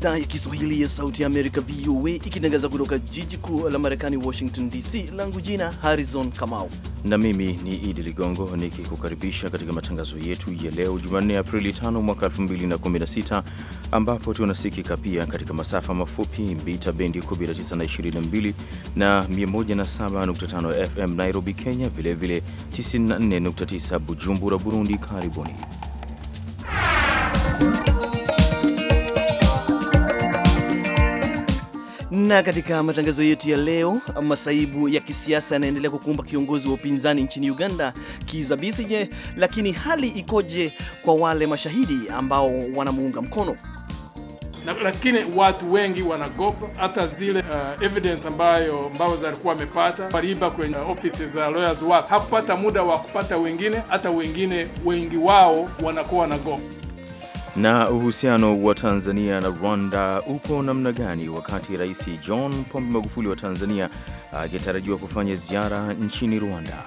idhaa ya Kiswahili ya Sauti ya Amerika, VOA, ikitangaza kutoka jiji kuu la Marekani, Washington DC. Langu jina Harrison Kamau na mimi ni Idi Ligongo nikikukaribisha katika matangazo yetu ya leo Jumanne, Aprili 5 mwaka 2016, ambapo tunasikika pia katika masafa mafupi mita bendi 19, 22 na 107.5 FM Nairobi, Kenya, vilevile 94.9 Bujumbura, Burundi. Karibuni. Na katika matangazo yetu ya leo, masaibu ya kisiasa yanaendelea kukumba kiongozi wa upinzani nchini Uganda, Kizza Besigye. Lakini hali ikoje kwa wale mashahidi ambao wanamuunga mkono? Na, lakini watu wengi wanagopa hata zile uh, evidence ambayo ambao zalikuwa amepata waliiba kwenye uh, ofisi za lawyers wao, hakupata muda wa kupata wengine, hata wengine wengi wao wanakuwa wanagopa na uhusiano wa Tanzania na Rwanda upo namna gani, wakati Rais John Pombe Magufuli wa Tanzania akitarajiwa kufanya ziara nchini Rwanda?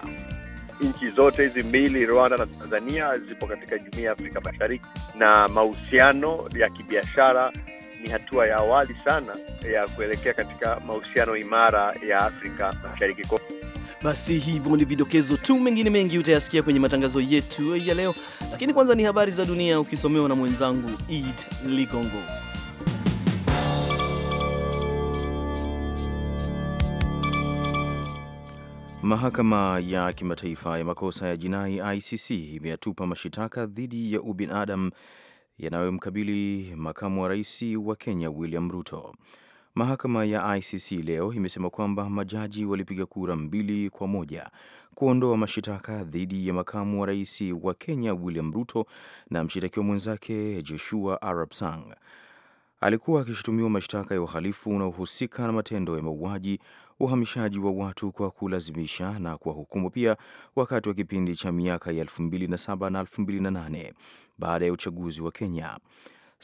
Nchi zote hizi mbili, Rwanda na Tanzania, zipo katika Jumuiya ya Afrika Mashariki na mahusiano ya kibiashara ni hatua ya awali sana ya kuelekea katika mahusiano imara ya Afrika Mashariki. Basi hivyo ni vidokezo tu, mengine mengi utayasikia kwenye matangazo yetu ya leo, lakini kwanza ni habari za dunia ukisomewa na mwenzangu Eid Ligongo. Mahakama ya Kimataifa ya Makosa ya Jinai ICC imeyatupa mashitaka dhidi ya ubinadamu yanayomkabili makamu wa rais wa Kenya William Ruto. Mahakama ya ICC leo imesema kwamba majaji walipiga kura mbili kwa moja kuondoa mashitaka dhidi ya makamu wa rais wa Kenya William Ruto na mshitakiwa mwenzake Joshua arab Sang. Alikuwa akishutumiwa mashtaka ya uhalifu unaohusika na matendo ya mauaji, uhamishaji wa watu kwa kulazimisha na kwa hukumu pia wakati wa kipindi cha miaka ya 2007 na 2008 baada ya uchaguzi wa Kenya.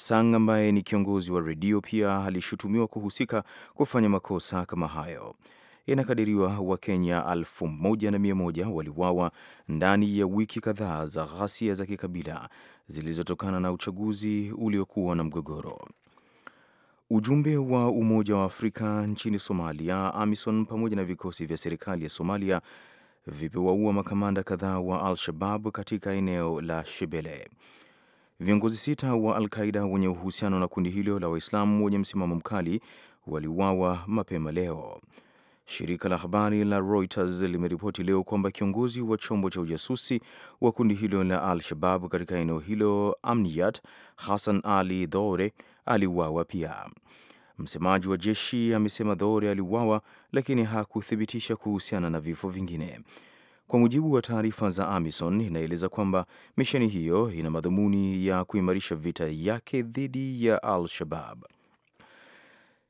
Sang ambaye ni kiongozi wa redio pia alishutumiwa kuhusika kufanya makosa kama hayo. Inakadiriwa Wakenya elfu moja na mia moja waliwawa ndani ya wiki kadhaa za ghasia za kikabila zilizotokana na uchaguzi uliokuwa na mgogoro. Ujumbe wa Umoja wa Afrika nchini Somalia, AMISON, pamoja na vikosi vya serikali ya Somalia vimewaua makamanda kadhaa wa Al-Shabab katika eneo la Shebele. Viongozi sita wa Al-Qaida wenye uhusiano na kundi hilo la Waislamu wenye msimamo mkali waliuawa mapema leo. Shirika la habari la Reuters limeripoti leo kwamba kiongozi wa chombo cha ujasusi wa kundi hilo la Al-Shabab katika eneo hilo Amniyat, Hassan Ali Dhoure aliuawa pia. Msemaji wa jeshi amesema dhore aliuawa, lakini hakuthibitisha kuhusiana na vifo vingine. Kwa mujibu wa taarifa za AMISON, inaeleza kwamba misheni hiyo ina madhumuni ya kuimarisha vita yake dhidi ya Al-Shabab.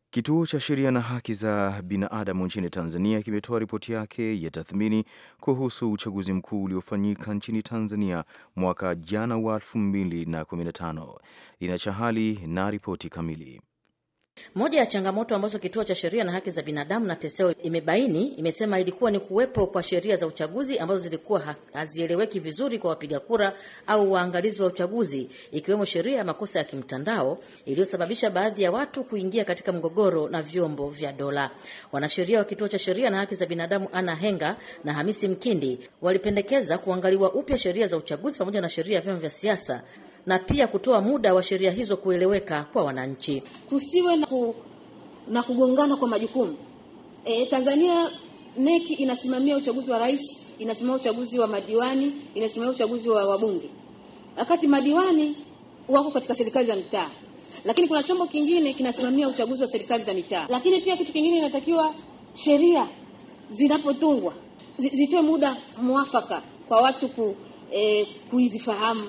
Kituo cha Sheria na Haki za Binadamu nchini Tanzania kimetoa ripoti yake ya tathmini kuhusu uchaguzi mkuu uliofanyika nchini Tanzania mwaka jana wa 2015. Ina chahali hali na ripoti kamili. Moja ya changamoto ambazo kituo cha sheria na haki za binadamu na Teseo imebaini imesema ilikuwa ni kuwepo kwa sheria za uchaguzi ambazo zilikuwa hazieleweki vizuri kwa wapiga kura au waangalizi wa uchaguzi, ikiwemo sheria ya makosa ya kimtandao iliyosababisha baadhi ya watu kuingia katika mgogoro na vyombo vya dola. Wanasheria wa kituo cha sheria na haki za binadamu Ana Henga na Hamisi Mkindi walipendekeza kuangaliwa upya sheria za uchaguzi pamoja na sheria ya vyama vya siasa na pia kutoa muda wa sheria hizo kueleweka kwa wananchi, kusiwe na, ku, na kugongana kwa majukumu. E, Tanzania NEC inasimamia uchaguzi wa rais, inasimamia uchaguzi wa madiwani, inasimamia uchaguzi wa wabunge, wakati madiwani wako katika serikali za mitaa, lakini kuna chombo kingine kinasimamia uchaguzi wa serikali za mitaa. Lakini pia kitu kingine inatakiwa sheria zinapotungwa zitoe muda mwafaka kwa watu ku, e, kuizifahamu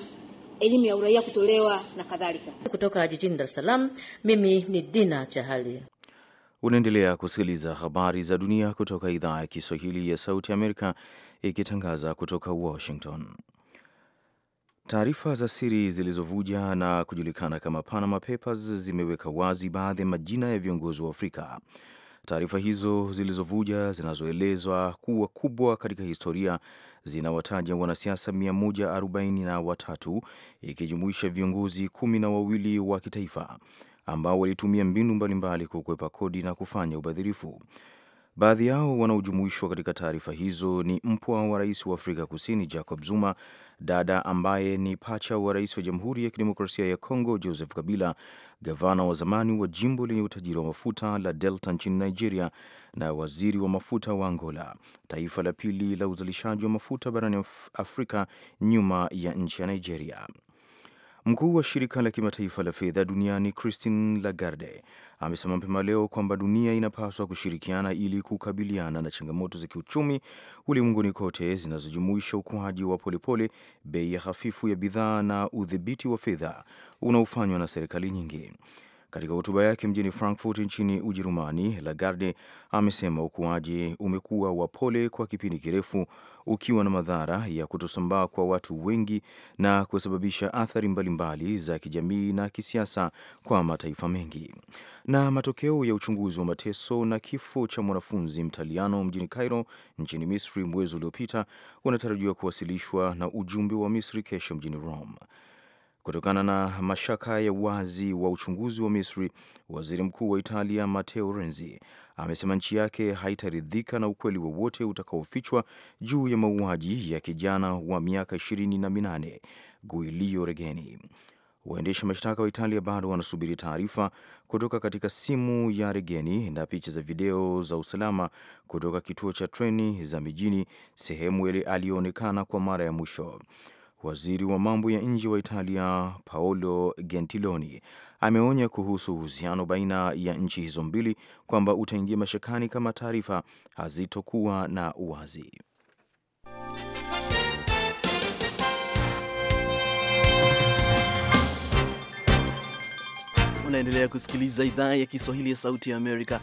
elimu ya uraia kutolewa na kadhalika. Kutoka jijini Dar es Salaam, mimi ni Dina Chahali. Unaendelea kusikiliza habari za dunia kutoka idhaa ya Kiswahili ya Sauti Amerika ikitangaza kutoka Washington. Taarifa za siri zilizovuja na kujulikana kama Panama Papers zimeweka wazi baadhi ya majina ya viongozi wa Afrika Taarifa hizo zilizovuja zinazoelezwa kuwa kubwa katika historia zinawataja wanasiasa 143 ikijumuisha viongozi kumi na wawili wa kitaifa ambao walitumia mbinu mbalimbali kukwepa kodi na kufanya ubadhirifu. Baadhi yao wanaojumuishwa katika taarifa hizo ni mpwa wa rais wa Afrika Kusini Jacob Zuma dada ambaye ni pacha wa rais wa Jamhuri ya Kidemokrasia ya Kongo Joseph Kabila, gavana wa zamani wa jimbo lenye utajiri wa mafuta la Delta nchini Nigeria na waziri wa mafuta wa Angola, taifa la pili la uzalishaji wa mafuta barani Afrika nyuma ya nchi ya Nigeria. Mkuu wa shirika la kimataifa la fedha duniani Christine Lagarde amesema mapema leo kwamba dunia inapaswa kushirikiana ili kukabiliana na changamoto za kiuchumi ulimwenguni kote zinazojumuisha ukuaji wa polepole, bei ya hafifu ya bidhaa na udhibiti wa fedha unaofanywa na serikali nyingi. Katika hotuba yake mjini Frankfurt nchini Ujerumani, Lagarde amesema ukuaji umekuwa wa pole kwa kipindi kirefu, ukiwa na madhara ya kutosambaa kwa watu wengi na kusababisha athari mbalimbali za kijamii na kisiasa kwa mataifa mengi. Na matokeo ya uchunguzi wa mateso na kifo cha mwanafunzi Mtaliano mjini Cairo nchini Misri mwezi uliopita unatarajiwa kuwasilishwa na ujumbe wa Misri kesho mjini Rome. Kutokana na mashaka ya wazi wa uchunguzi wa Misri, waziri mkuu wa Italia Matteo Renzi amesema nchi yake haitaridhika na ukweli wowote utakaofichwa juu ya mauaji ya kijana wa miaka ishirini na minane Guilio Regeni. Waendesha mashtaka wa Italia bado wanasubiri taarifa kutoka katika simu ya Regeni na picha za video za usalama kutoka kituo cha treni za mijini, sehemu aliyoonekana kwa mara ya mwisho. Waziri wa mambo ya nje wa Italia Paolo Gentiloni ameonya kuhusu uhusiano baina ya nchi hizo mbili kwamba utaingia mashakani kama taarifa hazitokuwa na uwazi. Unaendelea kusikiliza idhaa ya Kiswahili ya Sauti ya Amerika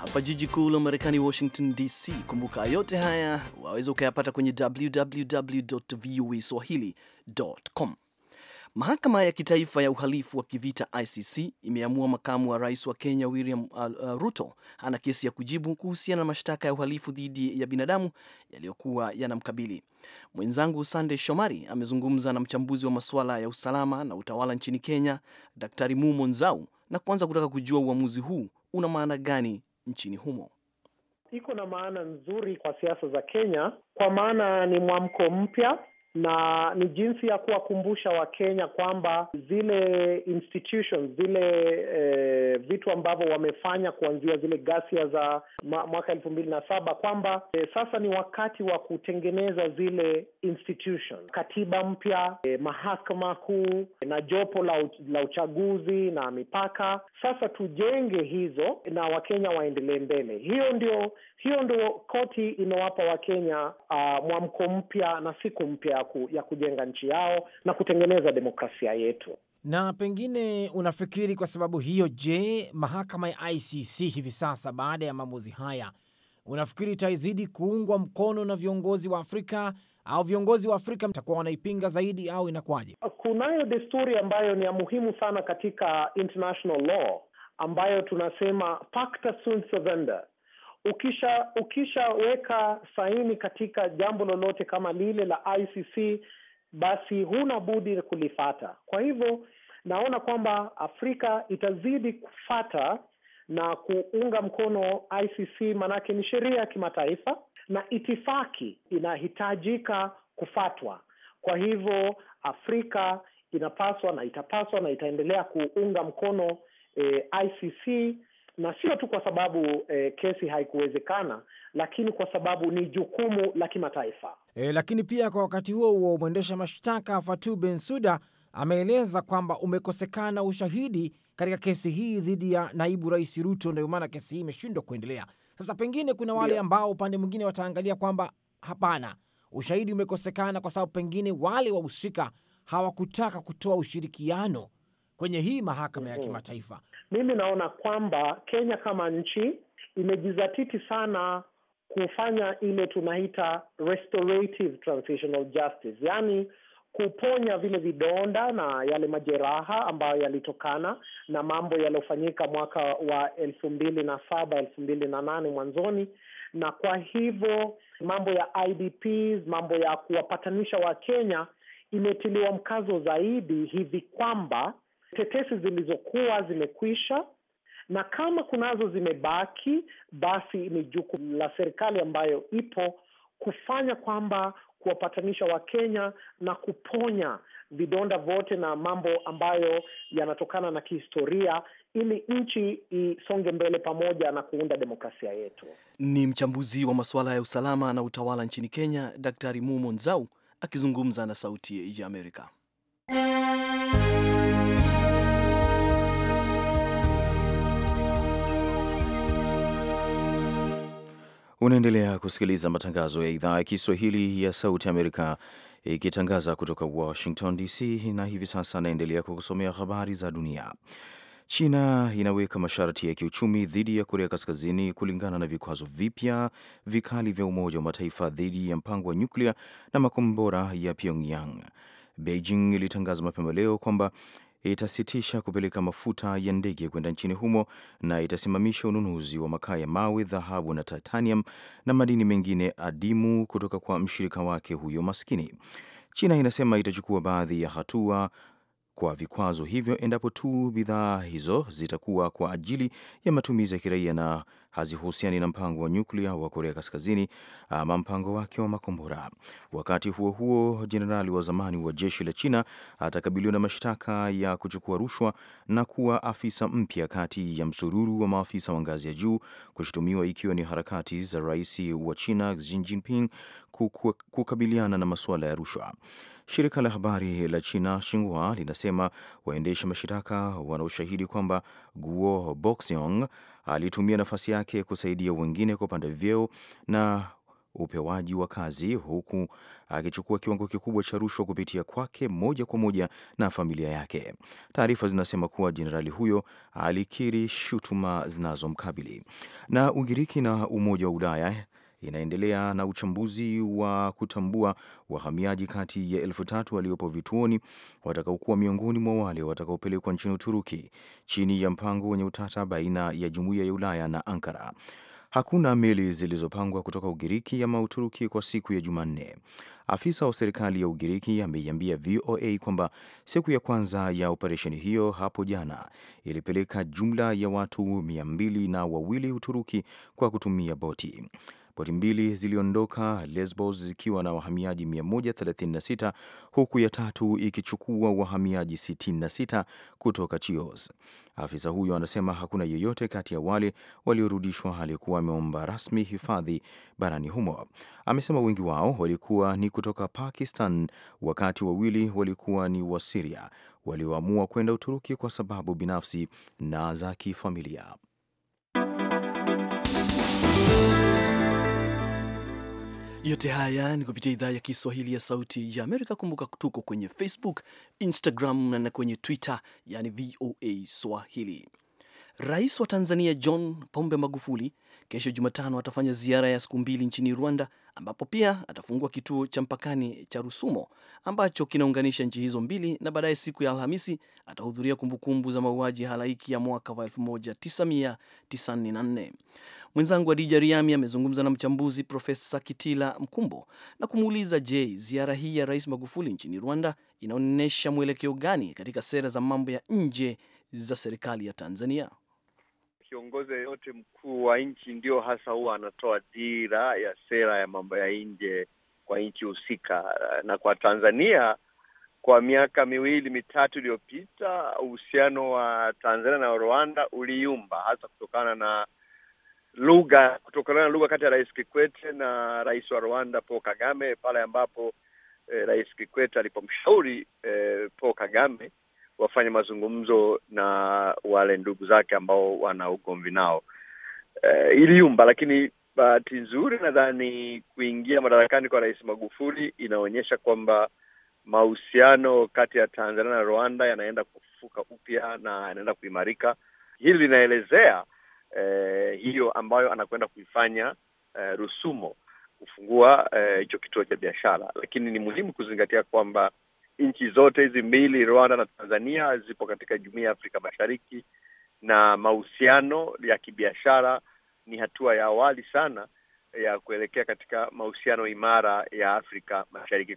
hapa jiji kuu la Marekani, Washington DC. Kumbuka yote haya waweza ukayapata kwenye www voa swahili.com. Mahakama ya Kitaifa ya Uhalifu wa Kivita, ICC, imeamua makamu wa rais wa Kenya William uh, uh, Ruto ana kesi ya kujibu kuhusiana na mashtaka ya uhalifu dhidi ya binadamu yaliyokuwa yanamkabili. Mwenzangu Sandey Shomari amezungumza na mchambuzi wa masuala ya usalama na utawala nchini Kenya, Daktari Mumo Nzau, na kuanza kutaka kujua uamuzi huu una maana gani nchini humo. Iko na maana nzuri kwa siasa za Kenya kwa maana ni mwamko mpya na ni jinsi ya kuwakumbusha Wakenya kwamba zile institutions, zile e, vitu ambavyo wamefanya kuanzia zile ghasia za mwaka elfu mbili na saba kwamba e, sasa ni wakati wa kutengeneza zile institutions, katiba mpya e, mahakama kuu e, na jopo la, la uchaguzi na mipaka. Sasa tujenge hizo na Wakenya waendelee mbele. Hiyo ndio hiyo ndo koti imewapa Wakenya uh, mwamko mpya na siku mpya ku, ya kujenga nchi yao na kutengeneza demokrasia yetu. Na pengine unafikiri kwa sababu hiyo, je, mahakama ya ICC hivi sasa baada ya maamuzi haya unafikiri itaizidi kuungwa mkono na viongozi wa Afrika au viongozi wa Afrika mtakuwa wanaipinga zaidi au inakuwaje? Kunayo desturi ambayo ni ya muhimu sana katika international law ambayo tunasema pacta sunt servanda, ukisha ukishaweka saini katika jambo lolote kama lile la ICC, basi huna budi kulifata. Kwa hivyo naona kwamba Afrika itazidi kufata na kuunga mkono ICC, maanake ni sheria ya kimataifa na itifaki inahitajika kufatwa. Kwa hivyo Afrika inapaswa na itapaswa na itaendelea kuunga mkono eh, ICC na sio tu kwa sababu eh, kesi haikuwezekana, lakini kwa sababu ni jukumu la kimataifa e, Lakini pia kwa wakati huo huo mwendesha mashtaka Fatu Bensuda ameeleza kwamba umekosekana ushahidi katika kesi hii dhidi ya naibu rais Ruto, ndio maana kesi hii imeshindwa kuendelea. Sasa pengine kuna wale ambao upande mwingine wataangalia kwamba hapana, ushahidi umekosekana kwa sababu pengine wale wahusika hawakutaka kutoa ushirikiano kwenye hii mahakama mm-hmm, ya mhm. kimataifa? Mimi naona kwamba Kenya kama nchi imejizatiti sana kufanya ile tunaita restorative transitional justice, yaani kuponya vile vidonda na yale majeraha ambayo yalitokana na mambo yaliyofanyika mwaka wa elfu mbili na saba elfu mbili na nane mwanzoni, na kwa hivyo mambo ya IDPs, mambo ya kuwapatanisha Wakenya imetiliwa mkazo zaidi hivi kwamba tetesi zilizokuwa zimekwisha, na kama kunazo zimebaki, basi ni jukumu la serikali ambayo ipo kufanya kwamba kuwapatanisha Wakenya na kuponya vidonda vyote na mambo ambayo yanatokana na kihistoria ili nchi isonge mbele pamoja na kuunda demokrasia yetu. Ni mchambuzi wa masuala ya usalama na utawala nchini Kenya, Daktari Mumo Nzau akizungumza na Sauti ya Amerika. Unaendelea kusikiliza matangazo ya idhaa ya Kiswahili ya Sauti Amerika ikitangaza kutoka Washington DC, na hivi sasa anaendelea kukusomea habari za dunia. China inaweka masharti ya kiuchumi dhidi ya Korea Kaskazini kulingana na vikwazo vipya vikali vya Umoja wa Mataifa dhidi ya mpango wa nyuklia na makombora ya Pyongyang. Beijing ilitangaza mapema leo kwamba itasitisha kupeleka mafuta ya ndege kwenda nchini humo na itasimamisha ununuzi wa makaa ya mawe, dhahabu na titanium na madini mengine adimu kutoka kwa mshirika wake huyo maskini. China inasema itachukua baadhi ya hatua kwa vikwazo hivyo endapo tu bidhaa hizo zitakuwa kwa ajili ya matumizi ya kiraia na hazihusiani na mpango wa nyuklia wa Korea Kaskazini ama mpango wake wa makombora. Wakati huo huo, jenerali wa zamani wa jeshi la China atakabiliwa na mashtaka ya kuchukua rushwa na kuwa afisa mpya kati ya msururu wa maafisa wa ngazi ya juu kushutumiwa, ikiwa ni harakati za rais wa China Xi Jinping kukabiliana na masuala ya rushwa. Shirika la habari la China Xinhua linasema waendesha mashitaka wana ushahidi kwamba Guo Boxiong alitumia nafasi yake kusaidia wengine kupanda vyeo na upewaji wa kazi huku akichukua kiwango kikubwa cha rushwa kupitia kwake moja kwa moja na familia yake. Taarifa zinasema kuwa jenerali huyo alikiri shutuma zinazomkabili. Na Ugiriki na Umoja wa Ulaya inaendelea na uchambuzi wa kutambua wahamiaji kati ya elfu tatu waliopo vituoni watakaokuwa miongoni mwa wale watakaopelekwa nchini Uturuki chini ya mpango wenye utata baina ya Jumuiya ya Ulaya na Ankara. Hakuna meli zilizopangwa kutoka Ugiriki ama Uturuki kwa siku ya Jumanne. Afisa wa serikali ya Ugiriki ameiambia VOA kwamba siku ya kwanza ya operesheni hiyo hapo jana ilipeleka jumla ya watu mia mbili na wawili Uturuki kwa kutumia boti. Boti mbili ziliondoka Lesbos zikiwa na wahamiaji 136 huku ya tatu ikichukua wahamiaji 66 kutoka Chios. Afisa huyo anasema hakuna yeyote kati ya wale waliorudishwa aliyekuwa ameomba rasmi hifadhi barani humo. Amesema wengi wao walikuwa ni kutoka Pakistan, wakati wawili walikuwa ni Wasiria walioamua kwenda Uturuki kwa sababu binafsi na za kifamilia. Yote haya ni kupitia idhaa ya Kiswahili ya Sauti ya Amerika. Kumbuka tuko kwenye Facebook, Instagram na kwenye Twitter, yani VOA Swahili. Rais wa Tanzania John Pombe Magufuli kesho Jumatano atafanya ziara ya siku mbili nchini Rwanda ambapo pia atafungua kituo cha mpakani cha Rusumo ambacho kinaunganisha nchi hizo mbili, na baadaye siku ya Alhamisi atahudhuria kumbukumbu za mauaji halaiki ya mwaka wa 1994. Mwenzangu Adija Riami amezungumza na mchambuzi Profesa Kitila Mkumbo na kumuuliza, je, ziara hii ya Rais Magufuli nchini Rwanda inaonyesha mwelekeo gani katika sera za mambo ya nje za serikali ya Tanzania? kiongozi yeyote mkuu wa nchi ndio hasa huwa anatoa dira ya sera ya mambo ya nje kwa nchi husika, na kwa Tanzania kwa miaka miwili mitatu iliyopita uhusiano wa Tanzania na Rwanda uliyumba hasa kutokana na lugha kutokana na lugha kati ya Rais Kikwete na rais wa Rwanda Paul Kagame, pale ambapo eh, Rais Kikwete alipomshauri eh, Paul Kagame wafanye mazungumzo na wale ndugu zake ambao wana ugomvi nao. Uh, e, iliyumba, lakini bahati nzuri nadhani kuingia madarakani kwa Rais Magufuli inaonyesha kwamba mahusiano kati ya Tanzania na Rwanda yanaenda kufuka upya na yanaenda kuimarika. Hili linaelezea eh, hiyo ambayo anakwenda kuifanya eh, Rusumo, kufungua e, hicho eh, kituo cha biashara, lakini ni muhimu kuzingatia kwamba nchi zote hizi mbili, Rwanda na Tanzania, zipo katika jumuiya ya Afrika Mashariki na mahusiano ya kibiashara ni hatua ya awali sana ya kuelekea katika mahusiano imara ya Afrika Mashariki.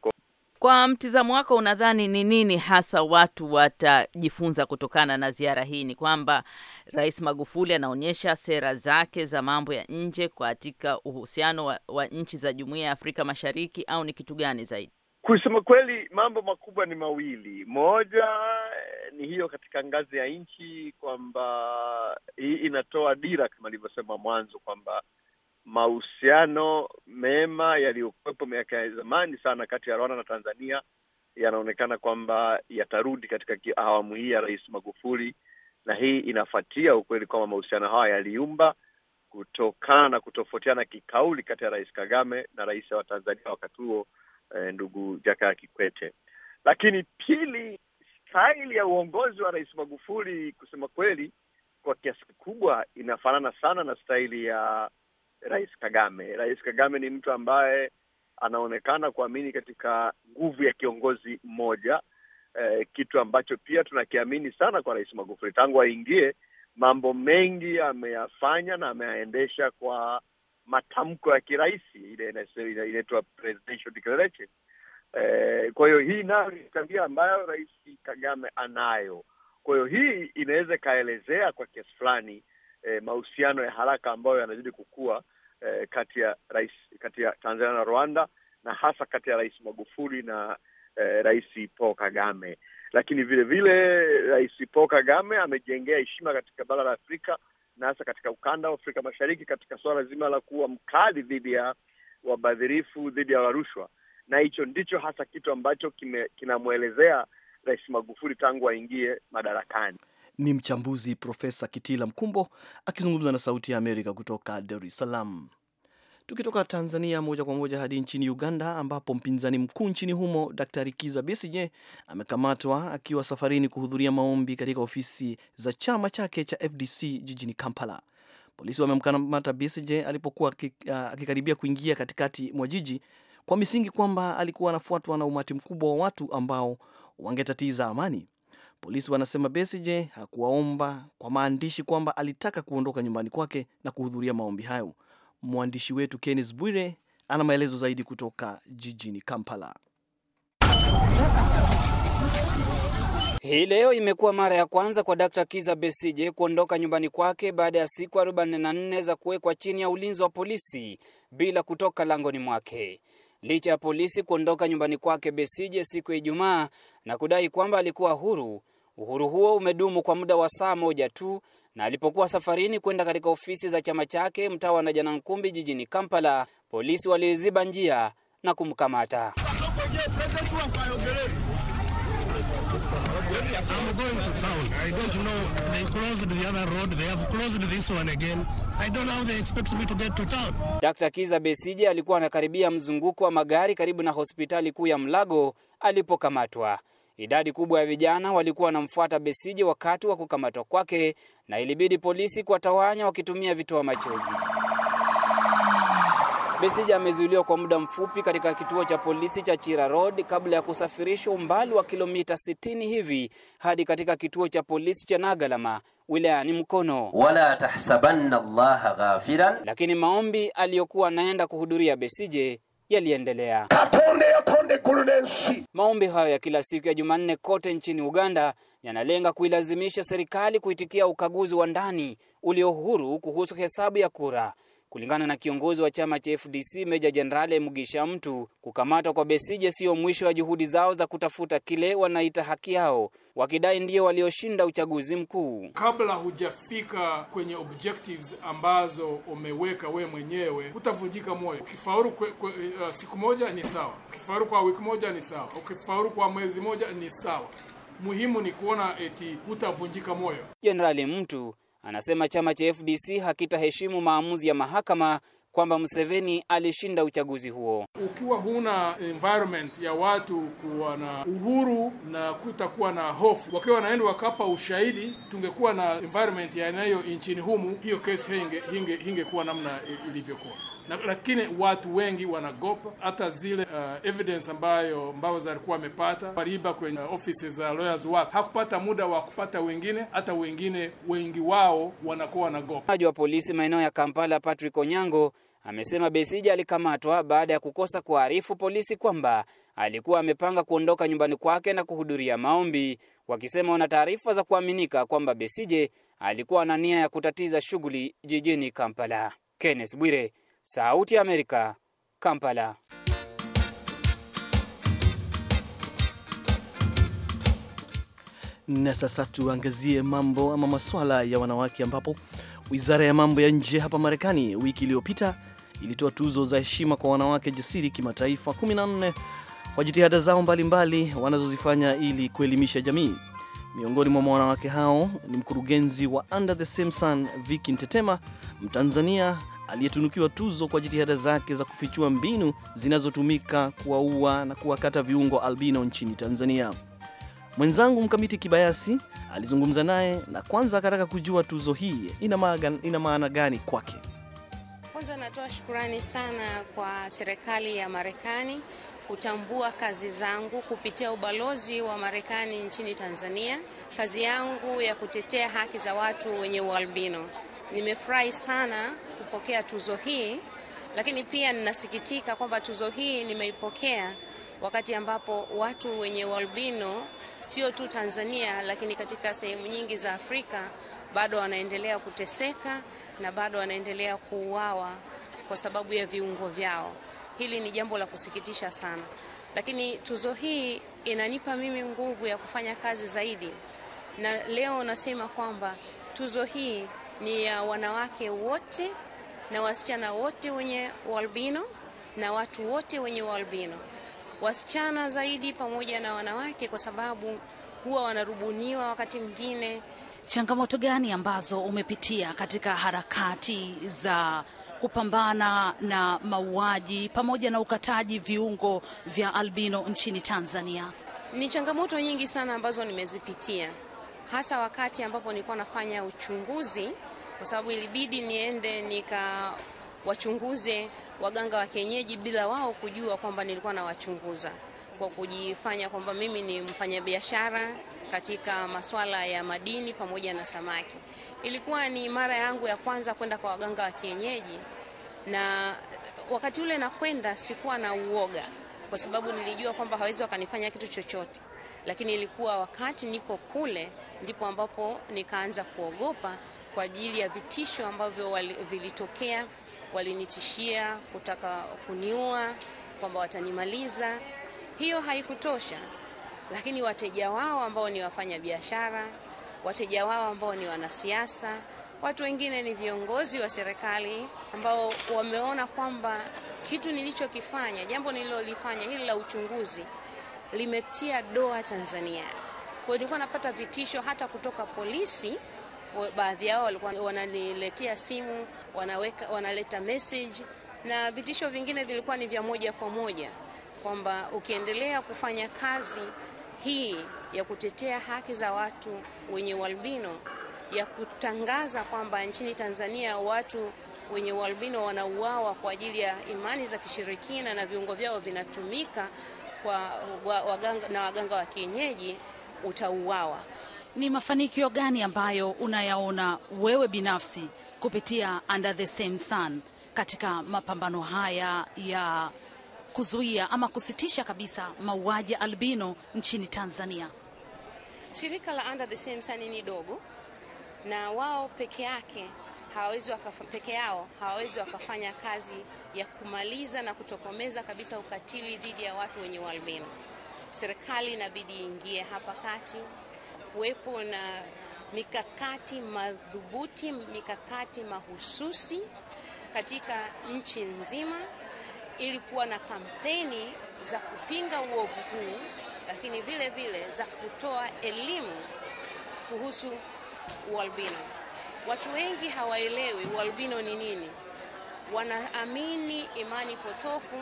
Kwa mtizamo wako, unadhani ni nini hasa watu watajifunza kutokana na ziara hii? Ni kwamba Rais Magufuli anaonyesha sera zake za mambo ya nje katika uhusiano wa, wa nchi za Jumuiya ya Afrika Mashariki au ni kitu gani zaidi? Kusema kweli, mambo makubwa ni mawili. Moja eh, ni hiyo katika ngazi ya nchi, kwamba hii inatoa dira kama ilivyosema mwanzo kwamba mahusiano mema yaliyokuwepo miaka ya zamani sana kati ya Rwanda na Tanzania yanaonekana kwamba yatarudi katika awamu hii ya Rais Magufuli, na hii inafuatia ukweli kwamba mahusiano haya yaliumba kutokana na kutofautiana kikauli kati ya Rais Kagame na rais wa Tanzania wakati huo eh, ndugu Jakaya Kikwete. Lakini pili, staili ya uongozi wa Rais Magufuli kusema kweli, kwa kiasi kikubwa inafanana sana na staili ya Rais Kagame. Rais Kagame ni mtu ambaye anaonekana kuamini katika nguvu ya kiongozi mmoja eh, kitu ambacho pia tunakiamini sana kwa Rais Magufuli. Tangu aingie, mambo mengi ameyafanya na ameyaendesha kwa matamko ya kiraisi, ile inaitwa presidential declaration. Eh, kwa hiyo hii nayo ni tabia ambayo Rais Kagame anayo. Kwa hiyo hii inaweza ikaelezea kwa kiasi fulani eh, mahusiano ya haraka ambayo yanazidi kukua eh, kati ya rais kati ya Tanzania na Rwanda na hasa kati ya Rais Magufuli na eh, Rais Paul Kagame. Lakini vile vile Rais Paul Kagame amejengea heshima katika bara la Afrika na hasa katika ukanda wa Afrika Mashariki katika suala zima la kuwa mkali dhidi ya wabadhirifu, dhidi ya warushwa, na hicho ndicho hasa kitu ambacho kinamwelezea Rais Magufuli tangu aingie madarakani. Ni mchambuzi Profesa Kitila Mkumbo akizungumza na Sauti ya Amerika kutoka Dar es Salaam. Tukitoka Tanzania moja kwa moja hadi nchini Uganda, ambapo mpinzani mkuu nchini humo Daktari Kiza Besigye amekamatwa akiwa safarini kuhudhuria maombi katika ofisi za chama chake cha FDC jijini Kampala. Polisi wamemkamata Besigye alipokuwa akikaribia kuingia katikati mwa jiji kwa misingi kwamba alikuwa anafuatwa na umati mkubwa wa watu ambao wangetatiza amani. Polisi wanasema Besigye hakuwaomba kwa maandishi kwamba alitaka kuondoka nyumbani kwake na kuhudhuria maombi hayo. Mwandishi wetu Kennes Bwire ana maelezo zaidi kutoka jijini Kampala. Hii leo imekuwa mara ya kwanza kwa Dr. Kiza Besije kuondoka nyumbani kwake baada ya siku 44 za kuwekwa chini ya ulinzi wa polisi bila kutoka langoni mwake. Licha ya polisi kuondoka nyumbani kwake Besije siku ya Ijumaa na kudai kwamba alikuwa huru, uhuru huo umedumu kwa muda wa saa moja tu na alipokuwa safarini kwenda katika ofisi za chama chake mtaa wa Najjanankumbi jijini Kampala, polisi waliziba njia na kumkamata. Dr. Kiza Besije alikuwa anakaribia mzunguko wa magari karibu na hospitali kuu ya Mlago alipokamatwa. Idadi kubwa ya vijana walikuwa wanamfuata Besije wakati wa kukamatwa kwake, na ilibidi polisi kuwatawanya wakitumia vitoa wa machozi. Besije amezuiliwa kwa muda mfupi katika kituo cha polisi cha Chira Road kabla ya kusafirishwa umbali wa kilomita 60 hivi hadi katika kituo cha polisi cha Nagalama wilayani Mkono. Wala tahsabanna Allaha ghafiran, lakini maombi aliyokuwa anaenda kuhudhuria Besije yaliendelea. Katonde Maombi hayo ya kila siku ya Jumanne kote nchini Uganda yanalenga kuilazimisha serikali kuitikia ukaguzi wa ndani ulio huru kuhusu hesabu ya kura. Kulingana na kiongozi wa chama cha FDC Meja Jenerali Mugisha Mtu, kukamatwa kwa Besije siyo mwisho wa juhudi zao za kutafuta kile wanaita haki yao, wakidai ndio walioshinda uchaguzi mkuu. Kabla hujafika kwenye objectives ambazo umeweka we mwenyewe, hutavunjika moyo. Ukifaulu uh, siku moja ni sawa, ukifaulu kwa wiki moja ni sawa, ukifaulu kwa mwezi moja ni sawa, muhimu ni kuona eti hutavunjika moyo. Jenerali Mtu Anasema chama cha FDC hakitaheshimu maamuzi ya mahakama kwamba Museveni alishinda uchaguzi huo. Ukiwa huna environment ya watu kuwa na uhuru na kutakuwa na hofu, wakiwa wanaenda wakapa ushahidi, tungekuwa na environment yanayo nchini humu, hiyo kesi hinge, hinge, hingekuwa namna ilivyokuwa. Na, lakini watu wengi wanagopa hata zile uh, evidence ambayo Mbabazi alikuwa amepata pariba kwenye ofisi za lawyers wake, hakupata muda wa kupata wengine, hata wengine wengi wao wanakuwa wanagopa. Msemaji wa polisi maeneo ya Kampala Patrick Onyango amesema Besija alikamatwa baada ya kukosa kuarifu polisi kwamba alikuwa amepanga kuondoka nyumbani kwake na kuhudhuria maombi, wakisema wana taarifa za kuaminika kwamba besije alikuwa na nia ya kutatiza shughuli jijini Kampala. Kenneth Bwire, Sauti ya Amerika, Kampala. Na sasa tuangazie mambo ama masuala ya wanawake ambapo Wizara ya mambo ya nje hapa Marekani wiki iliyopita ilitoa tuzo za heshima kwa wanawake jasiri kimataifa 14 kwa jitihada zao mbalimbali wanazozifanya ili kuelimisha jamii. Miongoni mwa wanawake hao ni mkurugenzi wa Under the Same Sun Vicky Ntetema, Mtanzania aliyetunukiwa tuzo kwa jitihada zake za kufichua mbinu zinazotumika kuwaua na kuwakata viungo albino nchini Tanzania. Mwenzangu Mkamiti Kibayasi alizungumza naye na kwanza akataka kujua tuzo hii ina maana gani kwake. Kwanza natoa shukurani sana kwa serikali ya Marekani kutambua kazi zangu kupitia ubalozi wa Marekani nchini Tanzania, kazi yangu ya kutetea haki za watu wenye ualbino. Nimefurahi sana kupokea tuzo hii, lakini pia ninasikitika kwamba tuzo hii nimeipokea wakati ambapo watu wenye ualbino sio tu Tanzania, lakini katika sehemu nyingi za Afrika bado wanaendelea kuteseka na bado wanaendelea kuuawa kwa sababu ya viungo vyao. Hili ni jambo la kusikitisha sana, lakini tuzo hii inanipa mimi nguvu ya kufanya kazi zaidi, na leo nasema kwamba tuzo hii ni ya wanawake wote na wasichana wote wenye ualbino na watu wote wenye ualbino, wasichana zaidi pamoja na wanawake, kwa sababu huwa wanarubuniwa wakati mwingine changamoto gani ambazo umepitia katika harakati za kupambana na mauaji pamoja na ukataji viungo vya albino nchini Tanzania? Ni changamoto nyingi sana ambazo nimezipitia, hasa wakati ambapo nilikuwa nafanya uchunguzi, kwa sababu ilibidi niende nikawachunguze waganga wa kienyeji bila wao kujua kwamba nilikuwa nawachunguza, kwa kujifanya kwamba mimi ni mfanyabiashara katika masuala ya madini pamoja na samaki. Ilikuwa ni mara yangu ya kwanza kwenda kwa waganga wa kienyeji, na wakati ule nakwenda sikuwa na uoga, kwa sababu nilijua kwamba hawezi wakanifanya kitu chochote, lakini ilikuwa wakati nipo kule ndipo ambapo nikaanza kuogopa kwa ajili ya vitisho ambavyo wali, vilitokea. Walinitishia kutaka kuniua, kwamba watanimaliza. Hiyo haikutosha, lakini wateja wao ambao ni wafanyabiashara, wateja wao ambao ni wanasiasa, watu wengine ni viongozi wa serikali ambao wameona kwamba kitu nilichokifanya, jambo nililolifanya hili la uchunguzi limetia doa Tanzania. Kwa hiyo nilikuwa napata vitisho hata kutoka polisi. Baadhi yao walikuwa wananiletea simu, wanaweka, wanaleta message na vitisho vingine vilikuwa ni vya moja kwa moja kwamba ukiendelea kufanya kazi hii ya kutetea haki za watu wenye ualbino, ya kutangaza kwamba nchini Tanzania watu wenye ualbino wanauawa kwa ajili ya imani za kishirikina na viungo vyao vinatumika kwa waganga na waganga wa kienyeji, utauawa. Ni mafanikio gani ambayo unayaona wewe binafsi kupitia Under the Same Sun katika mapambano haya ya kuzuia ama kusitisha kabisa mauaji albino nchini Tanzania. Shirika la Under the Same Sun ni dogo na wao peke yake hawawezi peke yao hawawezi wakafanya kazi ya kumaliza na kutokomeza kabisa ukatili dhidi ya watu wenye ualbino. Serikali inabidi iingie hapa kati, kuwepo na mikakati madhubuti, mikakati mahususi katika nchi nzima ili kuwa na kampeni za kupinga uovu huu, lakini vile vile za kutoa elimu kuhusu ualbino. Watu wengi hawaelewi ualbino ni nini, wanaamini imani potofu,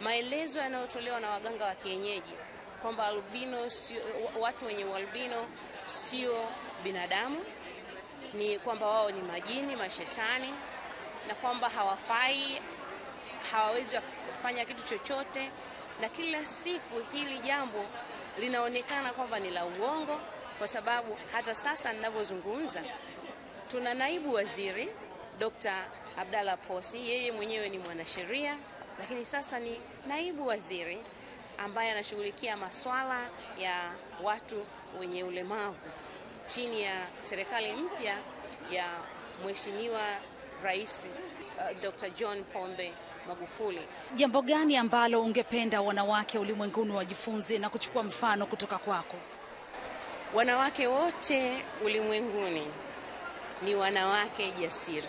maelezo yanayotolewa na waganga wa kienyeji kwamba albino sio, watu wenye ualbino sio binadamu, ni kwamba wao ni majini, mashetani na kwamba hawafai hawawezi kufanya kitu chochote, na kila siku hili jambo linaonekana kwamba ni la uongo, kwa sababu hata sasa ninavyozungumza tuna naibu waziri Dr. Abdalla Posi, yeye mwenyewe ni mwanasheria, lakini sasa ni naibu waziri ambaye anashughulikia maswala ya watu wenye ulemavu chini ya serikali mpya ya Mheshimiwa Rais uh, Dr. John Pombe Magufuli. Jambo gani ambalo ungependa wanawake ulimwenguni wajifunze na kuchukua mfano kutoka kwako? Wanawake wote ulimwenguni ni wanawake jasiri,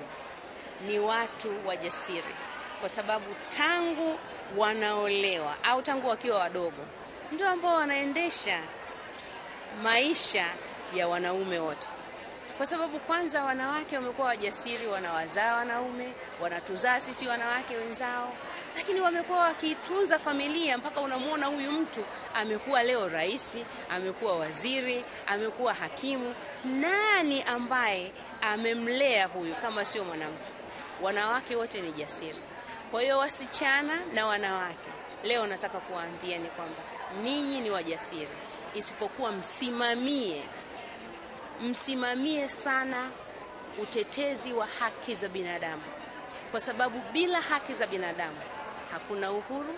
ni watu wa jasiri, kwa sababu tangu wanaolewa au tangu wakiwa wadogo ndio ambao wanaendesha maisha ya wanaume wote kwa sababu kwanza wanawake wamekuwa wajasiri, wanawazaa wanaume, wanatuzaa sisi wanawake wenzao, lakini wamekuwa wakitunza familia mpaka unamwona huyu mtu amekuwa leo rais, amekuwa waziri, amekuwa hakimu. Nani ambaye amemlea huyu kama sio mwanamke? Wanawake wote ni jasiri. Kwa hiyo wasichana na wanawake, leo nataka kuwaambia ni kwamba ninyi ni wajasiri, isipokuwa msimamie msimamie sana utetezi wa haki za binadamu, kwa sababu bila haki za binadamu hakuna uhuru,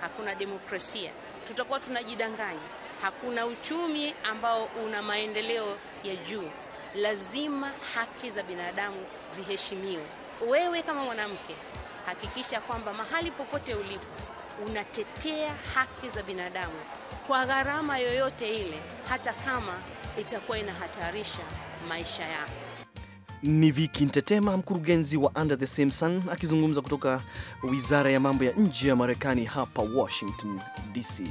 hakuna demokrasia, tutakuwa tunajidanganya, hakuna uchumi ambao una maendeleo ya juu. Lazima haki za binadamu ziheshimiwe. Wewe kama mwanamke, hakikisha kwamba mahali popote ulipo unatetea haki za binadamu kwa gharama yoyote ile, hata kama itakuwa inahatarisha maisha yako. Ni Viki Ntetema, mkurugenzi wa Under the Same Sun, akizungumza kutoka wizara ya mambo ya nje ya Marekani hapa Washington DC.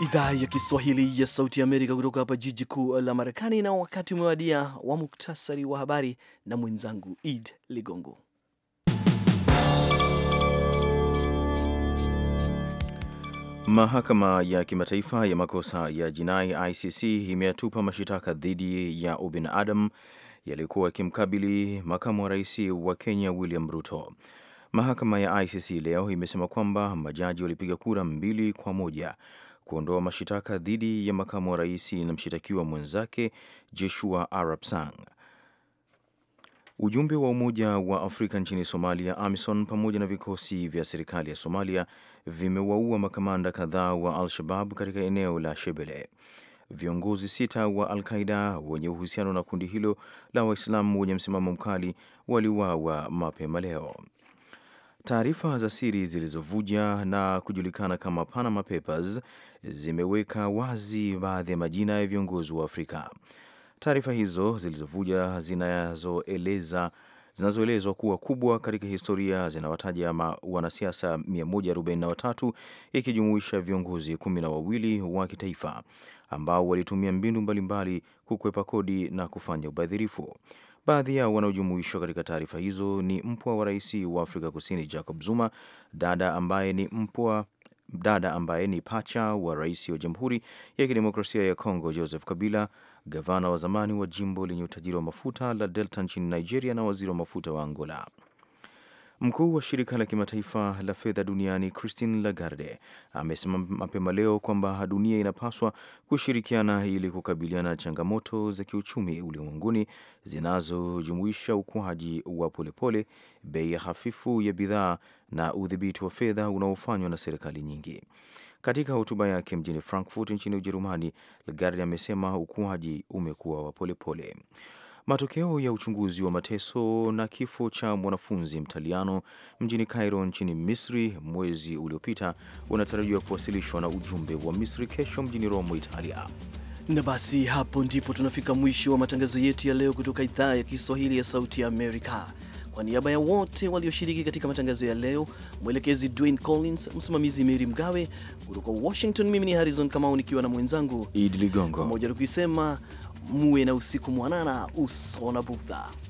Idhaa ya Kiswahili ya Sauti ya Amerika kutoka hapa jiji kuu la Marekani. Na wakati umewadia wa muktasari wa habari na mwenzangu Id Ligongo. Mahakama ya Kimataifa ya Makosa ya Jinai ICC imeyatupa mashitaka dhidi ya ubinadamu yaliyokuwa yakimkabili makamu wa rais wa Kenya William Ruto. Mahakama ya ICC leo imesema kwamba majaji walipiga kura mbili kwa moja kuondoa mashitaka dhidi ya makamu wa rais na mshitakiwa mwenzake Joshua Arap Sang. Ujumbe wa Umoja wa Afrika nchini Somalia, AMISON, pamoja na vikosi vya serikali ya Somalia vimewaua makamanda kadhaa wa Al-Shabab katika eneo la Shebele. Viongozi sita wa Al-Qaida wenye uhusiano na kundi hilo la Waislamu wenye msimamo mkali waliuawa mapema leo. Taarifa za siri zilizovuja na kujulikana kama Panama Papers zimeweka wazi baadhi ya majina ya viongozi wa Afrika. Taarifa hizo zilizovuja zinazoeleza zinazoelezwa kuwa kubwa katika historia zinawataja wanasiasa 143 ikijumuisha viongozi kumi na wawili wa kitaifa ambao walitumia mbinu mbalimbali kukwepa kodi na kufanya ubadhirifu. Baadhi yao wanaojumuishwa katika taarifa hizo ni mpwa wa rais wa Afrika Kusini Jacob Zuma, dada ambaye ni mpwa dada ambaye ni pacha wa rais wa Jamhuri ya Kidemokrasia ya Kongo Joseph Kabila, gavana wa zamani wa jimbo lenye utajiri wa mafuta la Delta nchini Nigeria na waziri wa mafuta wa Angola. Mkuu wa shirika la kimataifa la fedha duniani Christine Lagarde amesema mapema leo kwamba dunia inapaswa kushirikiana ili kukabiliana na changamoto za kiuchumi ulimwenguni zinazojumuisha ukuaji wa polepole, bei ya hafifu ya bidhaa na udhibiti wa fedha unaofanywa na serikali nyingi. Katika hotuba yake mjini Frankfurt nchini Ujerumani, Lagarde amesema ukuaji umekuwa wa polepole. Matokeo ya uchunguzi wa mateso na kifo cha mwanafunzi Mtaliano mjini Cairo nchini Misri mwezi uliopita unatarajiwa kuwasilishwa na ujumbe wa Misri kesho mjini Roma, Italia. Na basi hapo ndipo tunafika mwisho wa matangazo yetu ya leo kutoka idhaa ya Kiswahili ya Sauti ya Amerika. Kwa niaba ya wote walioshiriki katika matangazo ya leo, mwelekezi Dwayne Collins, msimamizi Mary Mgawe kutoka Washington, mimi ni Harrison Kamau nikiwa na mwenzangu Idi Ligongo, pamoja tukisema muwe na usiku mwanana, usona budha.